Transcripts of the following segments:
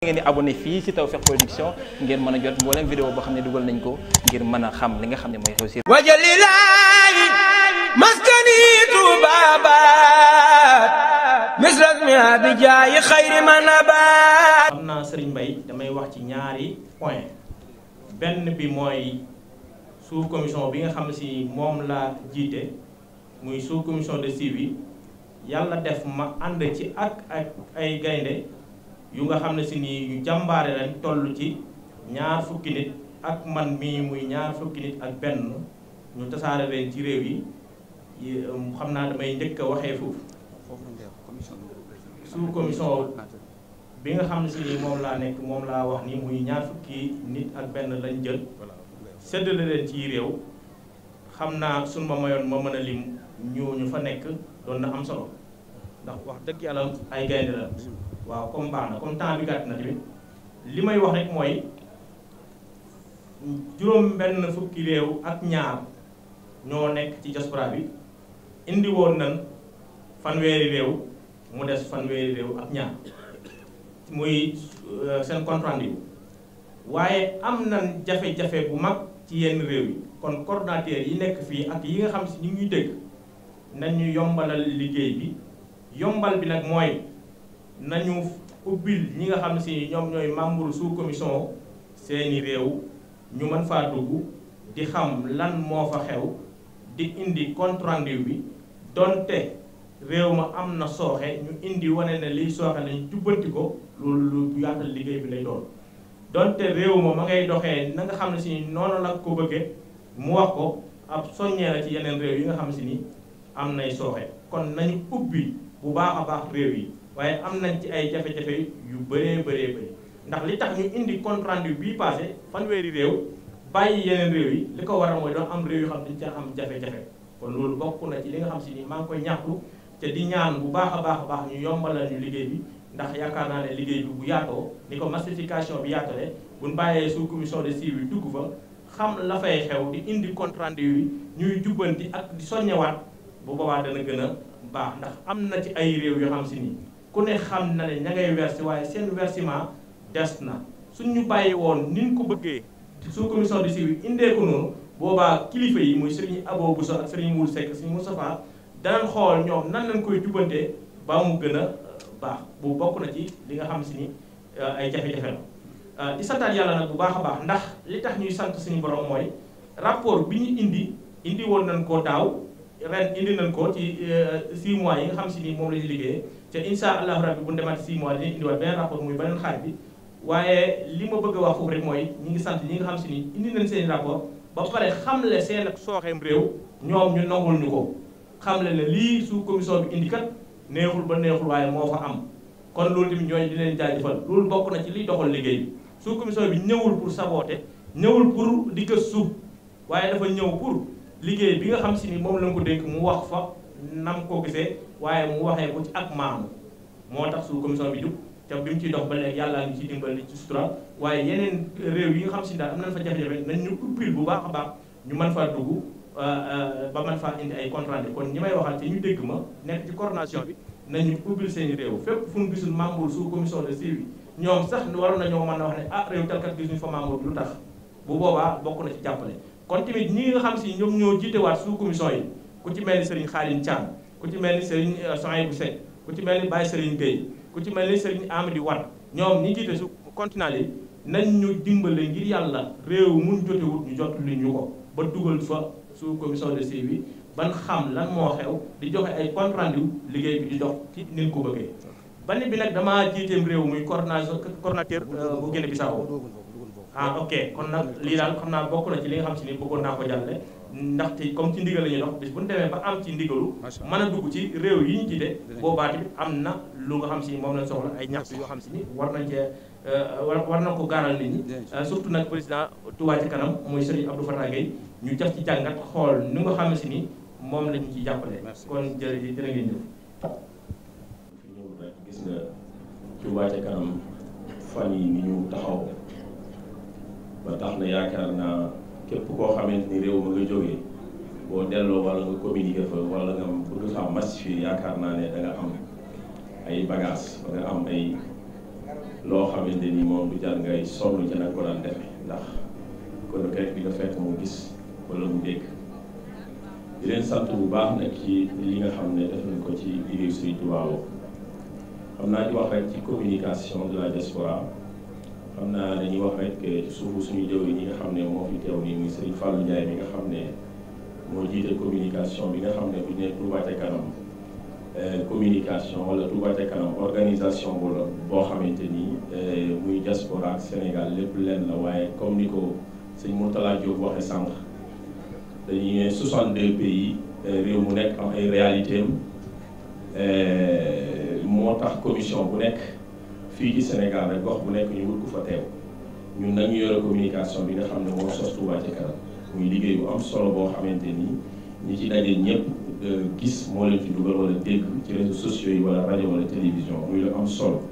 ngeen di abonné fii ci Tawfekh Production ngeen mën a jot mboolem vidéo boo xam ne dugal nañ ko ngir mën a xam li nga xam ne mooy xew ci wajalilaahi maskanitu baabaat misras mi abijaayi xayri man abaat xam naa Serigne Mbaye damay wax ci ñaari point benn bi mooy sous commission bi nga xam si moom la jiite muy sous commission de suivi yàlla def ma ànd ci ak ak ay gaynde yu nga xam ne si nii yu jàmbaare lañ toll ci ñaar fukki nit ak man mii muy ñaar fukki nit ak benn ñu tasaare leen ci réew yi um, xam naa damay njëkk a waxee foofu sous commission bi nga xam ne si nii moom laa nekk moom laa wax ni muy ñaar fukki nit ak benn lañ jël séddale leen ci réew xam naa suñ ma mayoon ma mën a lim ñooñu fa nekk doon na am solo ndax wax dëgg yàlla ay gaynde la waaw comme baax na comme temps bi gàtt na tamit li may wax rek mooy juróom benn fukki réew ak ñaar ñoo nekk ci diaspora bi indi woon nan fanweeri réew mu des fanweeri réew ak ñaar muy euh, seen compte rendu waaye am nan jafe-jafe bu mag ci yenn réew yi kon coordonnateur yi nekk fii ak yi nga xam si ñu ngi dégg nañu yombalal liggéey bi yombal bi nag mooy nañu ubbil ñi nga xam ne si ñoom ñooy membre sous commission seeni réew ñu mën faa dugg di xam lan moo fa xew di indi compte bi donte réew ma am na sooxe ñu indi wane ne liy sooxe nañ jubbanti ko loolu lu yaatal liggéey bi lay doon donte réew ma ma ngay doxee na xam ne si noonu la ko bëggee mu wax ko ab soññee ci yeneen réew yi nga xam si ni am nay sooxe kon nañu ubbi bu baax a baax réew yi waaye am nañ ci ay jafe-jafe yu bëree bëree bëri ndax li tax ñu indi compte yu bii passé fanweeri réew bàyyi yeneen réew yi li ko waral mooy doon am réew yu xam dañ ca am jafe-jafe kon loolu bokk na ci li nga xam si ni maa ngi koy ñaxtu te di ñaan bu baax a baax a baax ñu yombalal ñu liggéey bi ndax yaakaar naa ne liggéey bi bu yaatoo ni ko massification bi yaatale buñ bàyyee sous commission de suivi dugg fa xam la fay xew di indi compte rendu yi ñuy jubbanti ak di soññewaat bu boobaa dana gën a baax ndax am na ci ay réew yoo xam si ni ku ne xam na ne ña ngay verser waaye seen versement des na suñ ñu bàyyi woon niñ ko bëggee sous commission de suivi indee ko noonu boobaa kilifa yi muy sëriñ Abo Bousso ak sëriñ Moul Seck sëriñ Moustapha danañ xool ñoom nan lañ koy jubantee baa mu gën a baax bu bokk na ci li nga xam si ni euh, ay jafe-jafe la euh, di santaat yàlla nag bu baax a baax ndax li tax ñuy sant suñu borom mooy rapport bi ñu indi indi woon nañ ko daaw ren indi nañ ko ci 6 euh, mois yi nga xam si nii moom la ñu liggéey te incha allahu rabbi bu ñu demaat 6 mois dinañ indiwaat beneen rapport muy bi waaye li ma bëgg a wax foofu rek mooy ñi ngi sant ñi nga xam si nii indi nañ seen rapport ba pare xamle seen sooxeem réew ñoom ñu nangul ñu ko xamle ne lii sous commission bi indi kat neexul ba neexul waaye moo fa am kon loolu tamit ñooñu di leen jaajëfal loolu bokk na ci liy doxal liggéey bi sous commission bi ñëwul pour saboter ñëwul pour di gëstu waaye dafa ñëw pour. liggéey bi nga xam si ni moom lañ ko dénk mu wax fa nam koo gisee waaye mu waxee ko ci ak maamu moo tax su commission bi jub te bi mu ciy dox ba léegi yàllaa ngi ciy dimbali ci sutura waaye yeneen réew yi nga fa jafe nañ ñu ubbil bu baax a ñu mën faa dugg euh, euh, ba mën faa indi ay contrainte kon ñi may waxal te ñu dégg ma nekk ci coordination bi nañu ubbil seen réew fépp fu mu gisul membre sous commission de suivi ñoom sax waroon nañoo mën a wax ne ah réew talkat gis ñu fa membre bi lu tax bu boobaa bokk na ci jàppale kon tamit ñi nga xam si ñoom ñoo jiitewaat sous commission yi ku ci mel ni Serigne Khadim Thiam ku ci mel ni Serigne Souhaïbou Seck ku ci mel ni Baye Serigne Gueye ku ci mel ni Serigne Amady Wat ñoom ñi jiite sous continent yi nañ ñu dimbale ngir yàlla réew mun jotewut ñu jot li ñu ko ba dugal fa sous commission de suivi ban xam lan moo xew di joxe ay compte rendu liggéey bi di dox ci ni ko bëggee. ban bi nag damaa jiiteem réew muy coordonnateur coordonnateur bu Guinée Bissau ah ok kon nag lii daal xam naa bokk na ci li nga xam si ni bëggoon naa ko jàlle ndaxte comme ci ndigal la ñuy dox bis bu ñu demee ba am ci ndigalu mën a dugg ci réew yi ñu de boobaa bi am na lu nga xam si moom lañ soxla ay ñaxtu yoo xam si ni war nañ cee euh, war na ko gaaral nit ñi euh, surtout nag président Touba ci kanam muy Serigne Abdou Fatah Gueye ñu def ci jàngat xool ni nga xam si ni moom lañ ci jàppale kon jërëjëf jërë ngeen jëf fi ñëw gis nga Touba yi taxaw ba tax na yaakaar naa képp koo xamante ni réew ma nga jógee boo delloo wala nga communiqué wala nga bëgg xam ne ay bagages ay loo xamante ni moom du jar ngay ko daan defee ndax kon kayit bi mu gis wala mu dégg bu baax nag ci li nga xam ne ko ci naa di ci communication xam naa dañuy wax rek ci suufu suñu jëwri nga xam ne moo fi teew nii muy Serigne Fallou Ndiaye mi nga xam ne moo jiite communication bi nga xam ne bu ñu nee Touba Ca Kanam euh, communication wala Touba Ca Kanam organisation bu la boo xamante ni euh, muy diaspora ak Sénégal lépp leen la waaye comme ni ko sëñ Mourtala Diop waxee sànq dañuy ne 62 pays euh, réew mu nekk am ay réalités am moo tax commission bu nekk. fii ci Sénégal rek gox bu nekk ñu wut ko fa teew ñun nag ñu yore communication bi nga xam ne moo sos Touba kanam muy liggéey bu am solo boo xamante ni ñi ci daje ñëpp euh, gis moo leen ci dugal wala dégg ci réseaux sociaux yi wala rajo wala télévision muy lu am solo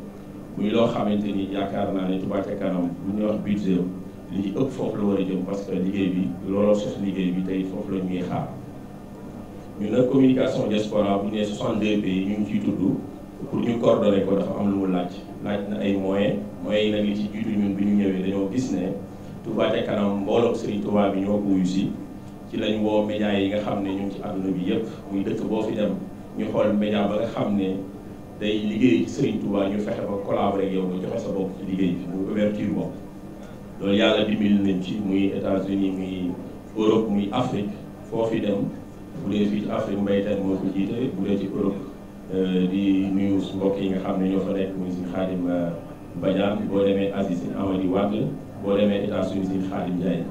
muy loo xamante ni yaakaar naa ne Touba kanam bu ñuy wax budget li ci foofu la war a jëm parce que liggéey bi looloo liggéey bi tey foofu la ñuy xaar ñu bu ñu nee 62 pays ñu ngi ciy tudd. pour ñu coordonner ko dafa am lu mu laaj laaj na ay moyens moyens yi nag li ci jiitu ñun bi ñu ñëwee dañoo gis ne Touba ca kanam mbooloom Serigne Touba bi ñoo ko ci lañ woo médias yi nga xam ne ñu ngi ci àdduna bi yëpp muy dëkk boo fi dem ñu xool média ba nga xam ne day liggéey ci Serigne Touba ñu fexe ba collaborer ak yow joxe sa bopp ci liggéey bi muy ouverture bopp loolu yàlla dimbali nañ ci muy États-Unis muy Europe muy Afrique foo fi dem Euh, di nuyu mbokk yi nga xam ne ñoo fa nekk muy Sëñ Xaadim euh, Badiane boo demee Asie Sëñ Amady Wade boo demee États-Unis Sëñ Xaadim Ndiaye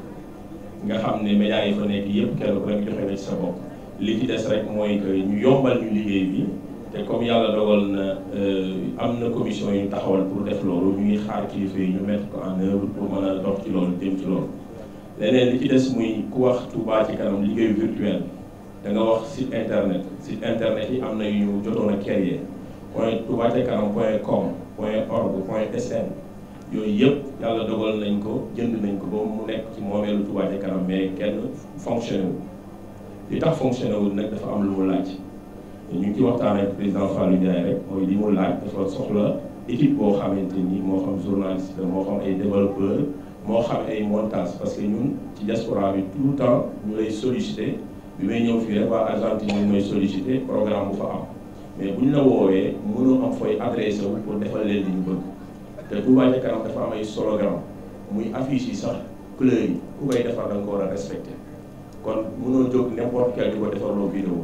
nga xam ne médias yi fa nekk yëpp keroog rek joxe na sa bopp li ci des rek mooy que ñu yombal ñu liggéey bi te comme yàlla dogal na euh, am na commission yu taxawal pour def loolu ñu ngi xaar kilifa yi ñu mettre ko en œuvre pour mën a dox ci loolu jëm ci loolu leneen li ci des muy ku wax Touba ci kanam liggéeyu virtuel danga nga wax site internet site internet yi am na yu jotoon a créer point Touba ca kanam point com point point sn yooyu yëpp yàlla dogal nañ ko jënd nañ ko ba mu nekk ci moomeelu Touba ca kanam mais kenn fonctionné wul li tax fonctionné nag dafa am lu mu laaj ñu ngi ci waxtaan ak président Fallou Ndiaye rek li mu laaj dafa soxla équipe boo xamante ni moo xam journaliste moo xam ay développeur moo xam ay montage parce que ñun ci diaspora bi tout le temps bi may ñëw fii rek waa Argentine ñu may sollicité programme bu fa am mais bu ñu la woowee mënoo am fooy adressé wu pour defal leen li ñu bëgg te Touba ca kanam dafa am ay sologramme muy affiche yi sax couleur yi ku koy defar da ko war a respecté kon mënoo jóg n'importe quel di ko defarloo vidéo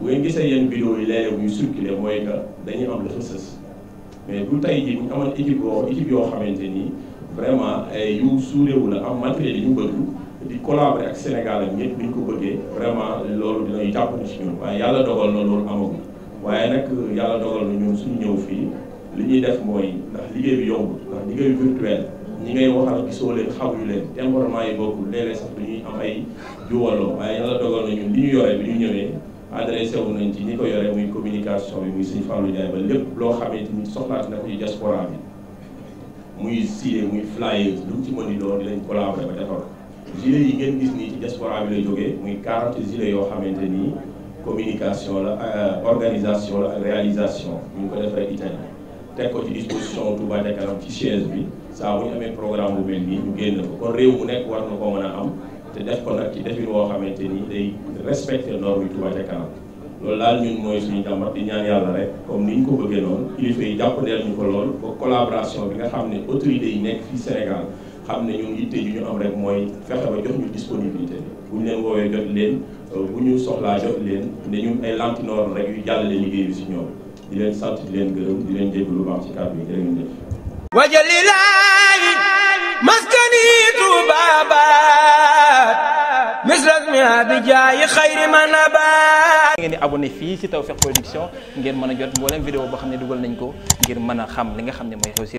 bu ngeen gisee yenn vidéo yi léeg-léeg muy circulé mooy que dañuy am dafa sës mais bu tey jii bu ñu amoon équipe boo yoo xamante ni vraiment ay yu suurewu la am matériel yi ñu bëgg di collaborer ak Sénégal ak ñëpp ñu ko bëggee vraiment loolu dinañu jàpp si ñun waaye yàlla dogal na nag euh, yàlla dogal na ñun suñu ñëw fii li ñuy def mooy ndax liggéey bi yombul ndax liggéey virtuel ñi ngay waxal gisoo leen xamuñu leen temporament yi bokkul léeg-léeg sax dañuy am ay juwaloo waaye yàlla dogal na li ñu yore bi ñu ñëwee adressé nañ ci ñi ko yore muy communication bi muy sëñ Fallou Ndiaye ba lépp loo xamante ni soxlaat na ko ci diaspora bi muy siyee muy flyers lu mu ci mën di doon dinañ collaborer gilet yi ngeen gis nii ci diaspora bi la jógee muy 40 gilet yoo xamante nii communication la euh, organisation la ak réalisation ñu ko def ay Italie teg ko ci disposition Touba Ca Kanam ci chaise bi saa bu amee programme bu mel nii ñu génn ko kon réew mu nekk war na ko mën a am te def ko nag ci defin woo xamante ni day respecter norme yi Touba Ca Kanam loolu daal ñun mooy suñu jàmbat di ñaan yàlla rek comme ni ñu ko bëggee noonu kilifa yi jàppandeel ñu ko lool ba collaboration bi xam ne autorités yi xam ne ñun yitte yu ñu am rek mooy fexe ba jox ñu disponibilité bu ñu leen woowee jot leen euh, bu ñu soxlaa jot leen ne ñun ay lantinoor rek yu jàllale liggéey bi si ñoom di leen sant leen gërëm di leen jégg lu baax ci kàddu yi jërë ngeen jëf wajalilaayi maskanitu baabaat misrasmi abijaayi xayri ma nabaat ngeen di abonné fii a jot mboolem vidéo boo xam ne dugal nañ ko ngir mën a xam li nga xam ne mooy xew si